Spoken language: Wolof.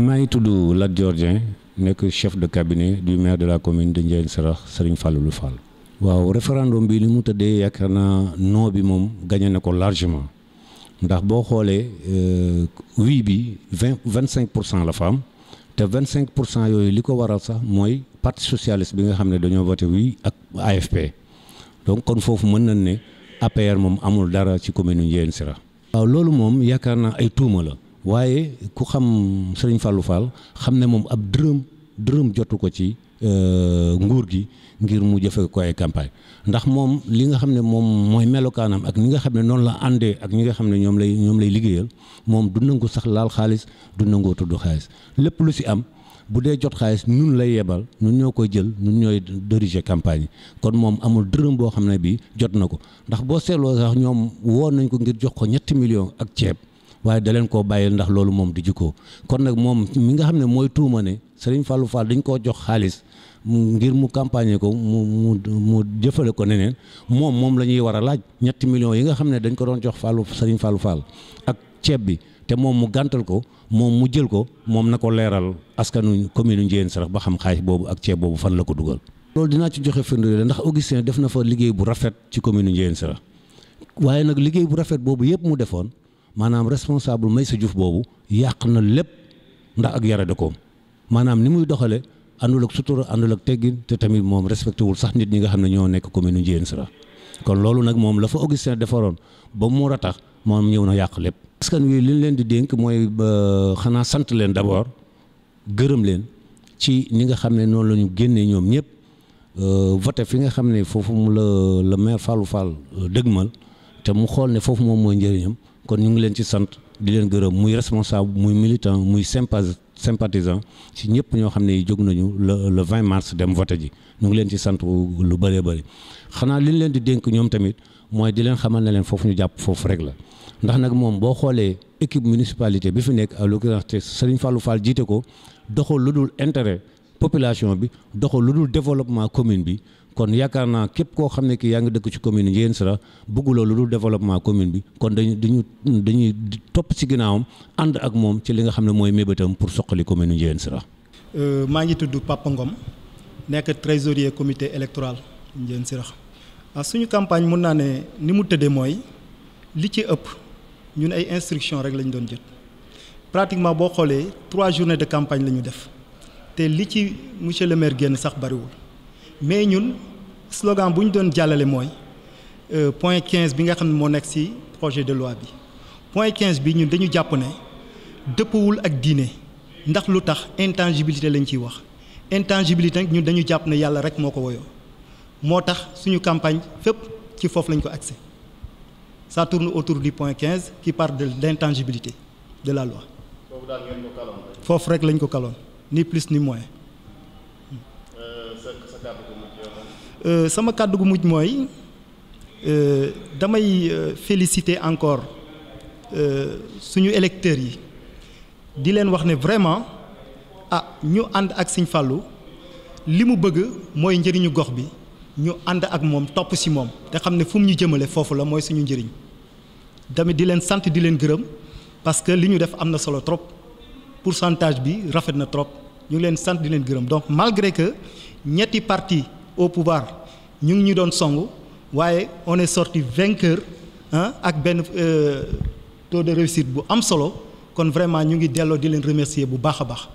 maa ngi tudd Lat Dior Dieng nekk chef de cabinet du maire de la commune de Ndiéyène Sirakh Serigne Fallou Fall. waaw référendum bi ni mu tëddee yaakaar naa non bi moom gagné na ko largement ndax boo xoolee euh, oui bi vingt vingt cinq pour cent la fa am te vingt cinq pour cent yooyu li ko war a sax mooy parti socialiste bi nga xam ne dañoo voté wii ak AFP donc kon foofu mën nañ ne APR moom amul dara ci commune Ndiéyène Sirakh. waaw loolu moom yaakaar naa ay tuuma la. waaye ku xam sëriñ Fallou Fall xam ne moom ab dërëm dërëm jotu ko ci euh, nguur gi ngir mu jëfe ko ay campagne ndax moom li nga xam ne moom mooy melokaanam ak ñi nga xam ne noonu la àndee ak ñi nga xam ne ñoom lay ñoom lay liggéeyal moom du nangu sax laal xaalis du nangoo tudd xaalis lépp lu si am bu dee jot xaalis ñun lay yebal ñun ñoo koy jël ñun ñooy diriger campagne yi kon moom amul dërëm boo xam ne bii jot na ko ndax boo seetloo sax ñoom woon nañ ko ngir jox ko ñetti millions ak ceeb waaye da leen koo bàyyil ndax loolu moom du jikko kon nag moom mi nga xam ne mooy tuuma ne Serigne Fallou faal dañ koo jox xaalis ngir mu campagne ko mu mu mu jëfale ko neneen moom moom la ñuy war a laaj ñetti millions yi nga xam ne dañ ko doon jox Fallou Serigne Fallou faal ak ceeb bi te moom mu gàntal ko moom mu jël ko moom na ko leeral askanu commune Ndiéyène Sarax ba xam xaalis boobu ak ceeb boobu fan la ko dugal. loolu dinaa ci joxe firnde ndax Augustin def na liggéey bu rafet ci commune Ndiéyène Sarax waaye nag liggéey bu rafet boobu yëpp mu defoon maanaam responsable may sa Diouf boobu yàq na lépp ndax ak yara dakoom maanaam ni muy doxale àndul ak sutura àndul ak teggin te tamit moom respecté wul sax nit ñi nga xam ne ñoo nekk commune Ndiéyène Sira kon loolu nag moom la fa Augustin defaroon ba mu ratax moom ñëw na yàq lépp. askan wi li ñu leen di dénk mooy xanaa sant leen d'abord gërëm leen ci ñi nga xam ne noonu lañu génnee ñoom ñëpp euh, voté fi nga xam ne foofu mu la le maire Fallou Fall euh, dëgmal te mu xool ne foofu moom mooy njëriñam. kon ñu ngi leen ci sant di leen gërëm muy responsable muy militant muy sympa sympathisant ci ñëpp ñoo xam ne jóg nañu le le 20 mars dem voté ji ñu ngi leen ci sant lu bëree bëri xanaa li leen di dénk ñoom tamit mooy di leen xamal ne leen foofu ñu jàpp foofu rek la ndax nag moom boo xoolee équipe municipalité bi fi nekk à l'occurrence te Serigne Fallou Fall jiite ko doxal lu dul intérêt population bi doxal lu dul développement commune bi kon yaakaar naa képp koo xam ne kii yaa ngi dëkk ci commune Ndiéyène Sirakh bëgguloo lu dul développement commune bi kon dañu dañu dañuy topp ci ginnaawam ànd ak moom ci li nga xam ne mooy mébétam pour soqali commune Ndiéyène Sirakh euh, maa ngi tudd Papa Ngom nekk trésorier comité électoral Ndiéyène Sirakh ah suñu campagne mun naa ne ni mu tëddee mooy li ci ëpp ñun ay instruction rek lañ doon jot pratiquement boo xoolee trois journées de campagne lañu def te li ci monsieur le maire génn sax bariwul mais ñun slogan bu ñu doon jàllale mooy euh, point 15 bi nga xam ne moo nekk ci projet de loi bi point quinze bi ñun dañu jàpp ne dëppwul ak diine ndax lu tax intangibilité lañ ciy wax intangibilité nag ñun dañu jàpp ne yàlla rek moo ko woyoo moo tax suñu campagne fépp ci foofu lañ ko accès ça tourne autour du point quinze qui parle de l'intangibilité de la loi. foofu rek lañ ko kaloon ni plus ni moins. Euh, sama kàddu gu mujj mooy euh, damay euh, félicité encore suñu électeurs yi di leen wax ne vraiment ah ñu ànd ak Sëñ Fallou li mu bëgg mooy njëriñu gox bi ñu ànd ak moom topp si moom te xam ne fu mu ñu jëmale foofu la mooy suñu njëriñ tamit di leen sant di leen gërëm parce que li ñu def am na solo trop pourcentage bi rafet na trop ñu ngi leen sant di leen gërëm donc malgré que ñetti parti au pouvoir ñu ngi ñu doon songu waaye on est sorti vainqueur ah ak benn euh, taux de réussite bu am solo kon vraiment ñu ngi delloo di leen remercier bu baax a baax.